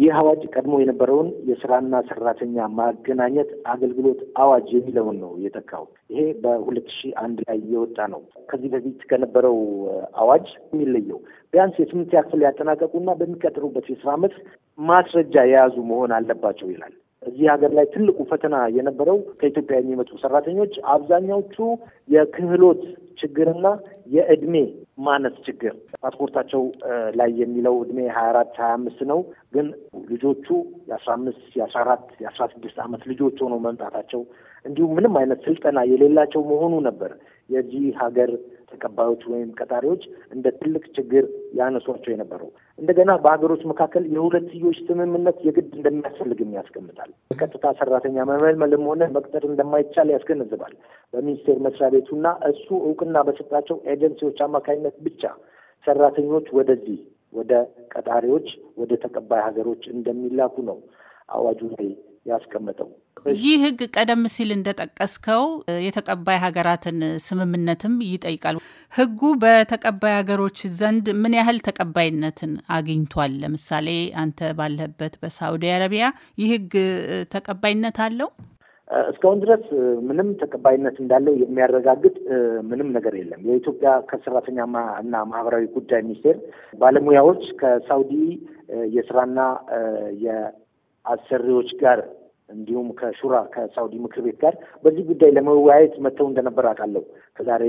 ይህ አዋጅ ቀድሞ የነበረውን የስራና ሰራተኛ ማገናኘት አገልግሎት አዋጅ የሚለውን ነው የተካው። ይሄ በሁለት ሺህ አንድ ላይ የወጣ ነው። ከዚህ በፊት ከነበረው አዋጅ የሚለየው ቢያንስ የስምንተኛ ክፍል ያጠናቀቁና በሚቀጥሩበት የስራ ዓመት ማስረጃ የያዙ መሆን አለባቸው ይላል። እዚህ ሀገር ላይ ትልቁ ፈተና የነበረው ከኢትዮጵያ የሚመጡ ሰራተኞች አብዛኛዎቹ የክህሎት ችግርና የእድሜ ማነስ ችግር ፓስፖርታቸው ላይ የሚለው እድሜ ሀያ አራት ሀያ አምስት ነው። ግን ልጆቹ የአስራ አምስት የአስራ አራት የአስራ ስድስት ዓመት ልጆች ሆነው መምጣታቸው እንዲሁም ምንም አይነት ስልጠና የሌላቸው መሆኑ ነበር የዚህ ሀገር ተቀባዮች ወይም ቀጣሪዎች እንደ ትልቅ ችግር ያነሷቸው የነበረው። እንደገና በሀገሮች መካከል የሁለትዮሽ ስምምነት የግድ እንደሚያስፈልግም ያስቀምጣል። በቀጥታ ሰራተኛ መመልመልም ሆነ መቅጠር እንደማይቻል ያስገነዝባል። በሚኒስቴር መስሪያ ቤቱና እሱ እውቅና በሰጣቸው ኤጀንሲዎች አማካኝነት ብቻ ሰራተኞች ወደዚህ ወደ ቀጣሪዎች፣ ወደ ተቀባይ ሀገሮች እንደሚላኩ ነው አዋጁ ላይ ያስቀመጠው። ይህ ህግ ቀደም ሲል እንደጠቀስከው የተቀባይ ሀገራትን ስምምነትም ይጠይቃል። ህጉ በተቀባይ ሀገሮች ዘንድ ምን ያህል ተቀባይነትን አግኝቷል? ለምሳሌ አንተ ባለህበት በሳዑዲ አረቢያ ይህ ህግ ተቀባይነት አለው? እስካሁን ድረስ ምንም ተቀባይነት እንዳለው የሚያረጋግጥ ምንም ነገር የለም። የኢትዮጵያ ከሰራተኛ እና ማህበራዊ ጉዳይ ሚኒስቴር ባለሙያዎች ከሳውዲ የስራና የአሰሪዎች ጋር እንዲሁም ከሹራ ከሳውዲ ምክር ቤት ጋር በዚህ ጉዳይ ለመወያየት መጥተው እንደነበር አውቃለሁ ከዛሬ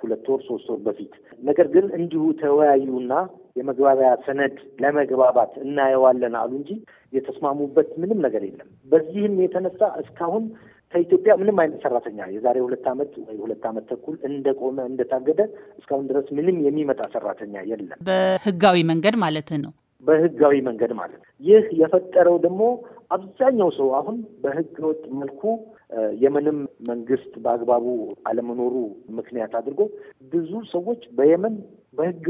ሁለት ወር ሶስት ወር በፊት። ነገር ግን እንዲሁ ተወያዩና የመግባቢያ ሰነድ ለመግባባት እናየዋለን አሉ እንጂ የተስማሙበት ምንም ነገር የለም። በዚህም የተነሳ እስካሁን ከኢትዮጵያ ምንም አይነት ሰራተኛ የዛሬ ሁለት ዓመት ወይ ሁለት ዓመት ተኩል እንደቆመ እንደታገደ እስካሁን ድረስ ምንም የሚመጣ ሰራተኛ የለም። በህጋዊ መንገድ ማለት ነው። በህጋዊ መንገድ ማለት ይህ የፈጠረው ደግሞ አብዛኛው ሰው አሁን በህገ ወጥ መልኩ የመንም መንግስት በአግባቡ አለመኖሩ ምክንያት አድርጎ ብዙ ሰዎች በየመን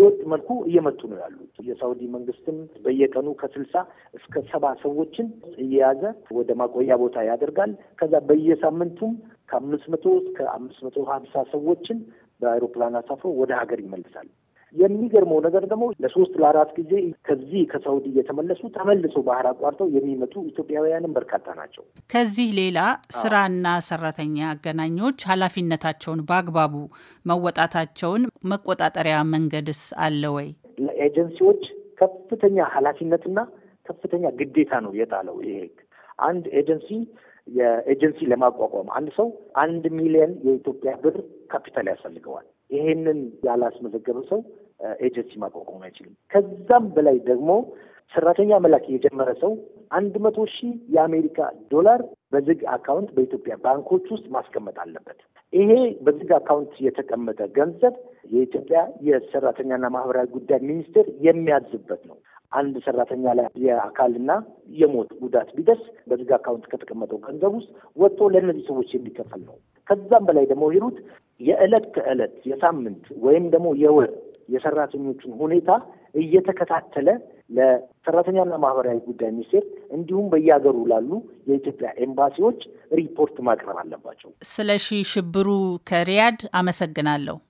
ወጥ መልኩ እየመጡ ነው ያሉት። የሳውዲ መንግስትም በየቀኑ ከስልሳ እስከ ሰባ ሰዎችን እየያዘ ወደ ማቆያ ቦታ ያደርጋል። ከዛ በየሳምንቱም ከአምስት መቶ እስከ አምስት መቶ ሀምሳ ሰዎችን በአይሮፕላን አሳፍሮ ወደ ሀገር ይመልሳል። የሚገርመው ነገር ደግሞ ለሶስት ለአራት ጊዜ ከዚህ ከሳውዲ እየተመለሱ ተመልሰው ባህር አቋርጠው የሚመጡ ኢትዮጵያውያንም በርካታ ናቸው። ከዚህ ሌላ ስራና ሰራተኛ አገናኞች ኃላፊነታቸውን በአግባቡ መወጣታቸውን መቆጣጠሪያ መንገድስ አለ ወይ? ለኤጀንሲዎች ከፍተኛ ኃላፊነትና ከፍተኛ ግዴታ ነው የጣለው ይሄ ህግ። አንድ ኤጀንሲ የኤጀንሲ ለማቋቋም አንድ ሰው አንድ ሚሊዮን የኢትዮጵያ ብር ካፒታል ያስፈልገዋል። ይሄንን ያላስመዘገበ ሰው ኤጀንሲ ማቋቋም አይችልም። ከዛም በላይ ደግሞ ሰራተኛ መላክ የጀመረ ሰው አንድ መቶ ሺህ የአሜሪካ ዶላር በዝግ አካውንት በኢትዮጵያ ባንኮች ውስጥ ማስቀመጥ አለበት። ይሄ በዝግ አካውንት የተቀመጠ ገንዘብ የኢትዮጵያ የሰራተኛና ማህበራዊ ጉዳይ ሚኒስቴር የሚያዝበት ነው። አንድ ሰራተኛ ላይ የአካልና የሞት ጉዳት ቢደርስ በዚህ አካውንት ከተቀመጠው ገንዘብ ውስጥ ወጥቶ ለእነዚህ ሰዎች የሚከፈል ነው። ከዛም በላይ ደግሞ ሂሩት የዕለት ተዕለት የሳምንት ወይም ደግሞ የወር የሰራተኞቹን ሁኔታ እየተከታተለ ለሰራተኛና ማህበራዊ ጉዳይ ሚኒስቴር እንዲሁም በየሀገሩ ላሉ የኢትዮጵያ ኤምባሲዎች ሪፖርት ማቅረብ አለባቸው። ስለሺ ሽብሩ ከሪያድ አመሰግናለሁ።